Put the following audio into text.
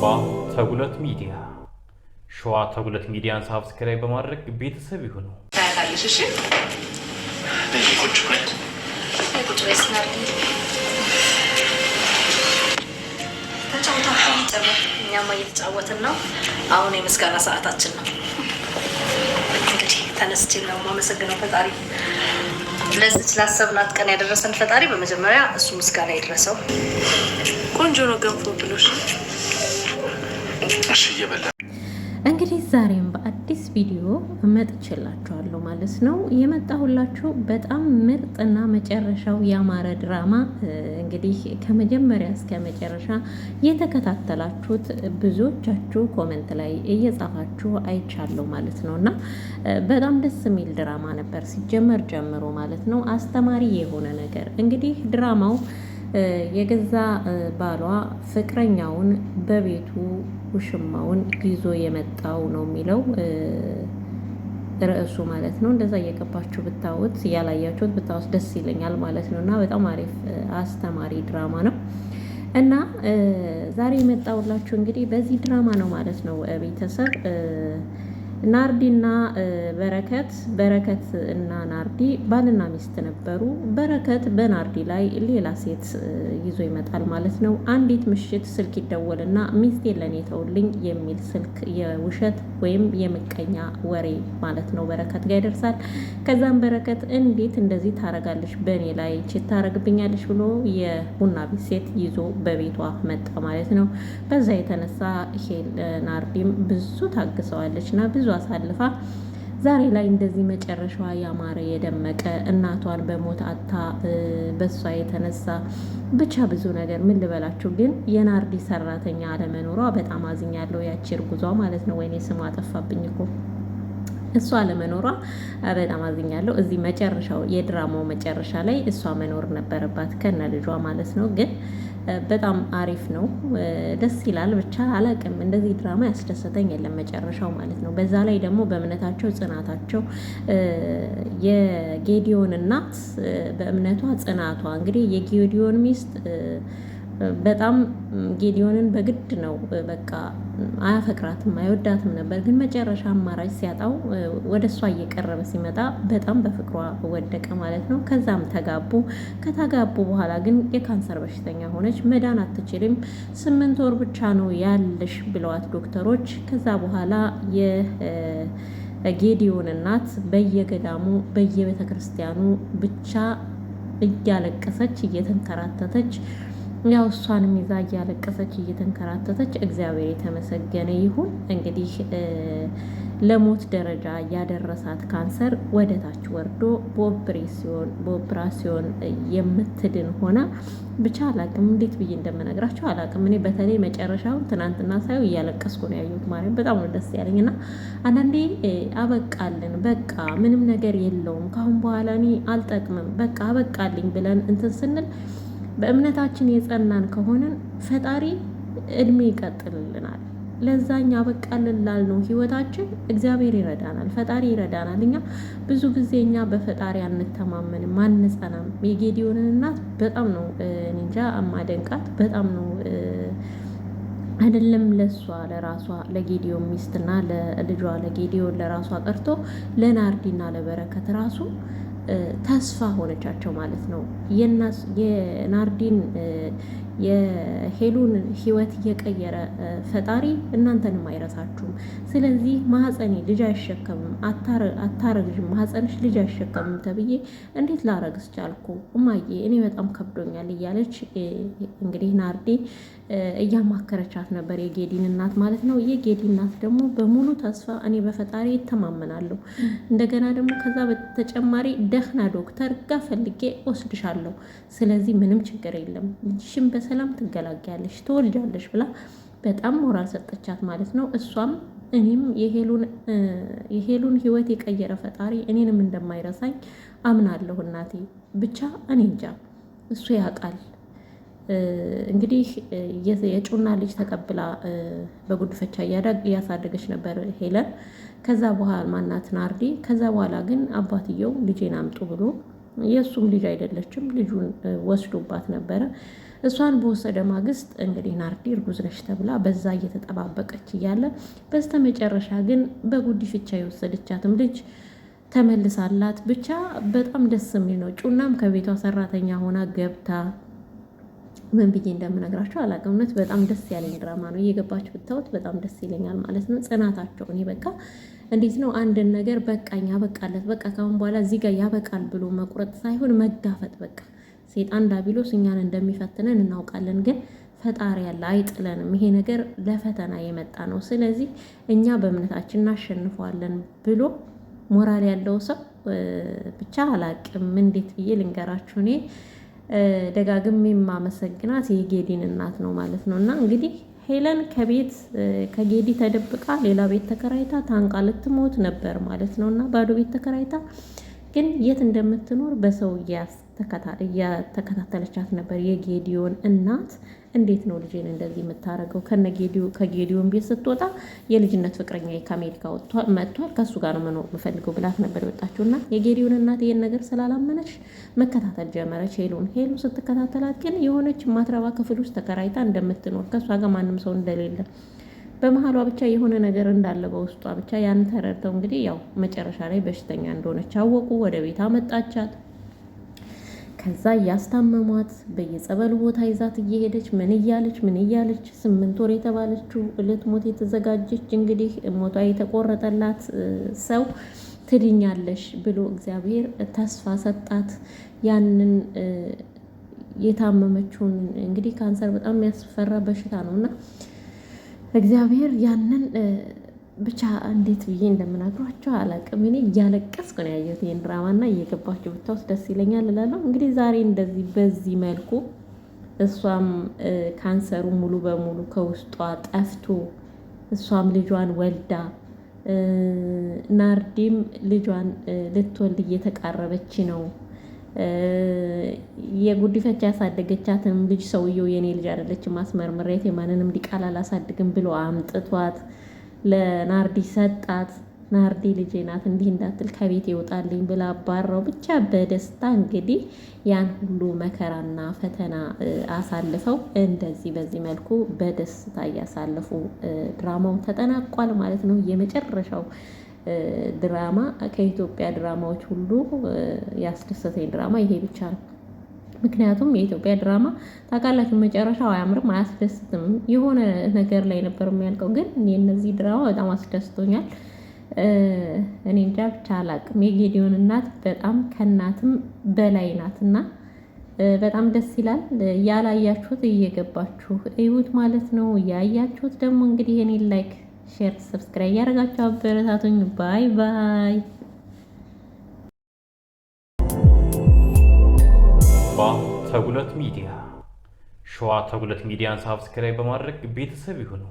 ሸዋ ተጉለት ሚዲያ ሸዋ ተጉለት ሚዲያን ሳብስክራይብ በማድረግ ቤተሰብ ይሁኑ። እኛማ እየተጫወትን ነው። አሁን የምስጋና ሰዓታችን ነው። እንግዲህ ተነስቼ ነው የማመሰግነው ፈጣሪ ለዚች ላሰብናት ቀን ያደረሰን ፈጣሪ በመጀመሪያ እሱ ምስጋና ይድረሰው። ቆንጆ ነው ገንፎ ብሎሽ እሺ እየበላ እንግዲህ ዛሬም በአዲስ ቪዲዮ መጥቼላችኋለሁ ማለት ነው። የመጣሁላችሁ በጣም ምርጥና መጨረሻው ያማረ ድራማ እንግዲህ ከመጀመሪያ እስከ መጨረሻ የተከታተላችሁት ብዙዎቻችሁ ኮመንት ላይ እየጻፋችሁ አይቻለሁ ማለት ነው እና በጣም ደስ የሚል ድራማ ነበር ሲጀመር ጀምሮ ማለት ነው። አስተማሪ የሆነ ነገር እንግዲህ ድራማው የገዛ ባሏ ፍቅረኛውን በቤቱ ውሽማውን ይዞ የመጣው ነው የሚለው ርዕሱ ማለት ነው። እንደዛ እየገባችሁ ብታዩት እያላያችሁት ብታዩት ደስ ይለኛል ማለት ነው። እና በጣም አሪፍ አስተማሪ ድራማ ነው እና ዛሬ የመጣውላችሁ እንግዲህ በዚህ ድራማ ነው ማለት ነው ቤተሰብ ናርዲና በረከት በረከት እና ናርዲ ባልና ሚስት ነበሩ። በረከት በናርዲ ላይ ሌላ ሴት ይዞ ይመጣል ማለት ነው። አንዲት ምሽት ስልክ ይደወልና ሚስቴ ለኔ ተውልኝ የሚል ስልክ የውሸት ወይም የምቀኛ ወሬ ማለት ነው በረከት ጋር ይደርሳል። ከዛም በረከት እንዴት እንደዚህ ታረጋለሽ፣ በእኔ ላይ ችት ታረግብኛለች ብሎ የቡና ቤት ሴት ይዞ በቤቷ መጣ ማለት ነው። በዛ የተነሳ ናርዲም ብዙ ታግሰዋለች እና ብዙ አሳልፋ ዛሬ ላይ እንደዚህ መጨረሻዋ ያማረ የደመቀ እናቷን በሞት አታ በሷ የተነሳ ብቻ ብዙ ነገር ምን ልበላችሁ። ግን የናርዲ ሰራተኛ አለመኖሯ በጣም አዝኛለሁ። ያቺ እርጉዟ ማለት ነው። ወይኔ ስሟ ጠፋብኝ እኮ እሷ ለመኖሯ በጣም አዝኛለሁ። እዚህ መጨረሻው የድራማው መጨረሻ ላይ እሷ መኖር ነበረባት ከነ ልጇ ማለት ነው። ግን በጣም አሪፍ ነው፣ ደስ ይላል። ብቻ አላቅም፣ እንደዚህ ድራማ ያስደሰተኝ የለም መጨረሻው ማለት ነው። በዛ ላይ ደግሞ በእምነታቸው ጽናታቸው፣ የጌዲዮን እናት በእምነቷ ጽናቷ እንግዲህ የጌዲዮን ሚስት በጣም ጌዲዮንን በግድ ነው በቃ አያፈቅራትም አይወዳትም ነበር። ግን መጨረሻ አማራጭ ሲያጣው ወደ እሷ እየቀረበ ሲመጣ በጣም በፍቅሯ ወደቀ ማለት ነው። ከዛም ተጋቡ። ከተጋቡ በኋላ ግን የካንሰር በሽተኛ ሆነች። መዳን አትችልም። ስምንት ወር ብቻ ነው ያለሽ ብለዋት ዶክተሮች። ከዛ በኋላ የ ጌዲዮን እናት በየገዳሙ በየቤተክርስቲያኑ ብቻ እያለቀሰች እየተንከራተተች ያው እሷንም ይዛ እያለቀሰች እየተንከራተተች እግዚአብሔር የተመሰገነ ይሁን። እንግዲህ ለሞት ደረጃ ያደረሳት ካንሰር ወደ ታች ወርዶ በኦፕራሲዮን የምትድን ሆና ብቻ አላቅም፣ እንዴት ብዬ እንደምነግራቸው አላቅም። እኔ በተለይ መጨረሻውን ትናንትና ሳየው እያለቀስኩ ነው ያየሁት። ማርያም በጣም ነው ደስ ያለኝ እና አንዳንዴ አበቃልን፣ በቃ ምንም ነገር የለውም፣ ካአሁን በኋላ እኔ አልጠቅምም፣ በቃ አበቃልኝ ብለን እንትን ስንል በእምነታችን የጸናን ከሆንን ፈጣሪ እድሜ ይቀጥልልናል። ለዛኛ በቃልን ላልነው ህይወታችን እግዚአብሔር ይረዳናል፣ ፈጣሪ ይረዳናል። እኛ ብዙ ጊዜ እኛ በፈጣሪ አንተማመንም፣ አንጸናም። የጌዲዮንን እናት በጣም ነው እንጃ አማደንቃት በጣም ነው አይደለም ለሷ ለራሷ ለጌዲዮን ሚስትና ለልጇ ለጌዲዮን ለራሷ ቀርቶ ለናርዲና ለበረከት ራሱ ተስፋ ሆነቻቸው ማለት ነው። የናርዲን የሄሉን ህይወት እየቀየረ ፈጣሪ እናንተንም አይረሳችሁም። ስለዚህ ማህፀኔ ልጅ አይሸከምም፣ አታረግዥም፣ ማህፀንሽ ልጅ አይሸከምም ተብዬ እንዴት ላረግስ ቻልኩ እማዬ፣ እኔ በጣም ከብዶኛል እያለች እንግዲህ ናርዲ እያማከረቻት ነበር፣ የጌዲን እናት ማለት ነው። የጌዲን እናት ደግሞ በሙሉ ተስፋ እኔ በፈጣሪ ይተማመናለሁ እንደገና ደግሞ ከዛ በተጨማሪ ደህና ዶክተር ጋር ፈልጌ ወስድሻለሁ። ስለዚህ ምንም ችግር የለም፣ ልጅሽን በሰላም ትገላገያለሽ፣ ትወልጃለሽ ብላ በጣም ሞራል ሰጠቻት ማለት ነው። እሷም እኔም የሄሉን ህይወት የቀየረ ፈጣሪ እኔንም እንደማይረሳኝ አምናለሁ እናቴ። ብቻ እኔ እንጃ እሱ ያውቃል እንግዲህ የጩና ልጅ ተቀብላ በጉድፈቻ እያሳደገች ነበር ሄለን። ከዛ በኋላ ማናት ናርዲ። ከዛ በኋላ ግን አባትየው ልጄን አምጡ ብሎ የእሱም ልጅ አይደለችም ልጁን ወስዶባት ነበረ። እሷን በወሰደ ማግስት እንግዲህ ናርዲ እርጉዝ ነች ተብላ በዛ እየተጠባበቀች እያለ በስተመጨረሻ ግን በጉዲፈቻ የወሰደቻትም ልጅ ተመልሳላት። ብቻ በጣም ደስ የሚል ነው። ጩናም ከቤቷ ሰራተኛ ሆና ገብታ ምን ብዬ እንደምነግራቸው አላውቅም። እውነት በጣም ደስ ያለኝ ድራማ ነው። እየገባችሁ ብታዩት በጣም ደስ ይለኛል ማለት ነው። ጽናታቸው እኔ በቃ እንዴት ነው አንድን ነገር በቃኝ ያበቃለት በቃ ካሁን በኋላ እዚህ ጋር ያበቃል ብሎ መቁረጥ ሳይሆን መጋፈጥ በቃ ሴጣን ዳቢሎስ እኛን እንደሚፈትነን እናውቃለን፣ ግን ፈጣሪ ያለ አይጥለንም። ይሄ ነገር ለፈተና የመጣ ነው። ስለዚህ እኛ በእምነታችን እናሸንፈዋለን ብሎ ሞራል ያለው ሰው ብቻ አላቅም እንዴት ብዬ ልንገራችሁ እኔ ደጋግሜ የማመሰግናት የጌዲን እናት ነው ማለት ነው። እና እንግዲህ ሄለን ከቤት ከጌዲ ተደብቃ ሌላ ቤት ተከራይታ ታንቃ ልትሞት ነበር ማለት ነው። እና ባዶ ቤት ተከራይታ ግን የት እንደምትኖር በሰው እያስ የተከታተለቻት ነበር የጌዲዮን እናት። እንዴት ነው ልጄን እንደዚህ የምታደርገው? ከጌዲዮን ቤት ስትወጣ የልጅነት ፍቅረኛ ከአሜሪካ መጥቷል፣ ከእሱ ጋር ነው መኖር የምፈልገው ብላት ነበር የወጣችው እና የጌዲዮን እናት ይህን ነገር ስላላመነች መከታተል ጀመረች ሄሉን። ሄሉ ስትከታተላት ግን የሆነች ማትረባ ክፍል ውስጥ ተከራይታ እንደምትኖር ከእሷ ጋር ማንም ሰው እንደሌለ በመሀሏ ብቻ የሆነ ነገር እንዳለ በውስጧ ብቻ ያን ተረድተው እንግዲህ ያው መጨረሻ ላይ በሽተኛ እንደሆነች አወቁ። ወደ ቤት አመጣቻት። ከዛ እያስታመሟት በየፀበሉ ቦታ ይዛት እየሄደች ምን እያለች ምን እያለች ስምንት ወር የተባለችው ሞት የተዘጋጀች እንግዲህ ሞቷ የተቆረጠላት ሰው ትድኛለሽ ብሎ እግዚአብሔር ተስፋ ሰጣት። ያንን የታመመችውን እንግዲህ ካንሰር በጣም የሚያስፈራ በሽታ ነው እና እግዚአብሔር ያንን ብቻ እንዴት ብዬ እንደምናግሯቸው አላቅም። እኔ እያለቀስኩ ነው ያየሁት ይህን ድራማ እና እየገባችሁ ብታውስ ደስ ይለኛል እላለሁ። እንግዲህ ዛሬ እንደዚህ በዚህ መልኩ እሷም ካንሰሩ ሙሉ በሙሉ ከውስጧ ጠፍቶ እሷም ልጇን ወልዳ ናርዲም ልጇን ልትወልድ እየተቃረበች ነው። የጉዲፈቻ ያሳደገቻትም ልጅ ሰውየው የኔ ልጅ አይደለችም፣ አስመርምሬት የማንንም ዲቃላ አላሳድግም ብሎ አምጥቷት ለናርዲ ሰጣት። ናርዲ ልጄ ናት እንዲህ እንዳትል ከቤት ይወጣልኝ ብላ አባራው። ብቻ በደስታ እንግዲህ ያን ሁሉ መከራና ፈተና አሳልፈው እንደዚህ በዚህ መልኩ በደስታ እያሳለፉ ድራማው ተጠናቋል ማለት ነው። የመጨረሻው ድራማ ከኢትዮጵያ ድራማዎች ሁሉ ያስደሰተኝ ድራማ ይሄ ብቻ ነው። ምክንያቱም የኢትዮጵያ ድራማ ታውቃላችሁ መጨረሻው አያምርም፣ አያስደስትም። የሆነ ነገር ላይ ነበር የሚያልቀው። ግን የነዚህ ድራማ በጣም አስደስቶኛል። እኔ እንጃ ብቻ አላቅም። የጌዲዮን እናት በጣም ከእናትም በላይ ናት እና በጣም ደስ ይላል። ያላያችሁት እየገባችሁ እዩት ማለት ነው። ያያችሁት ደግሞ እንግዲህ እኔን ላይክ፣ ሼር፣ ሰብስክራይብ ያደረጋችሁ አበረታቱኝ። ባይ ባይ ተጉለት ሚዲያ ሸዋ ተጉለት ሚዲያን ሳብስክራይብ በማድረግ ቤተሰብ ይሁኑ።